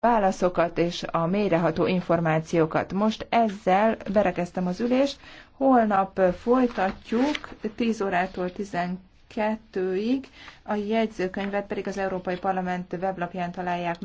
válaszokat és a mélyreható információkat. Most ezzel berekeztem az ülést, holnap folytatjuk 10 órától 12-ig, a jegyzőkönyvet pedig az Európai Parlament weblapján találják.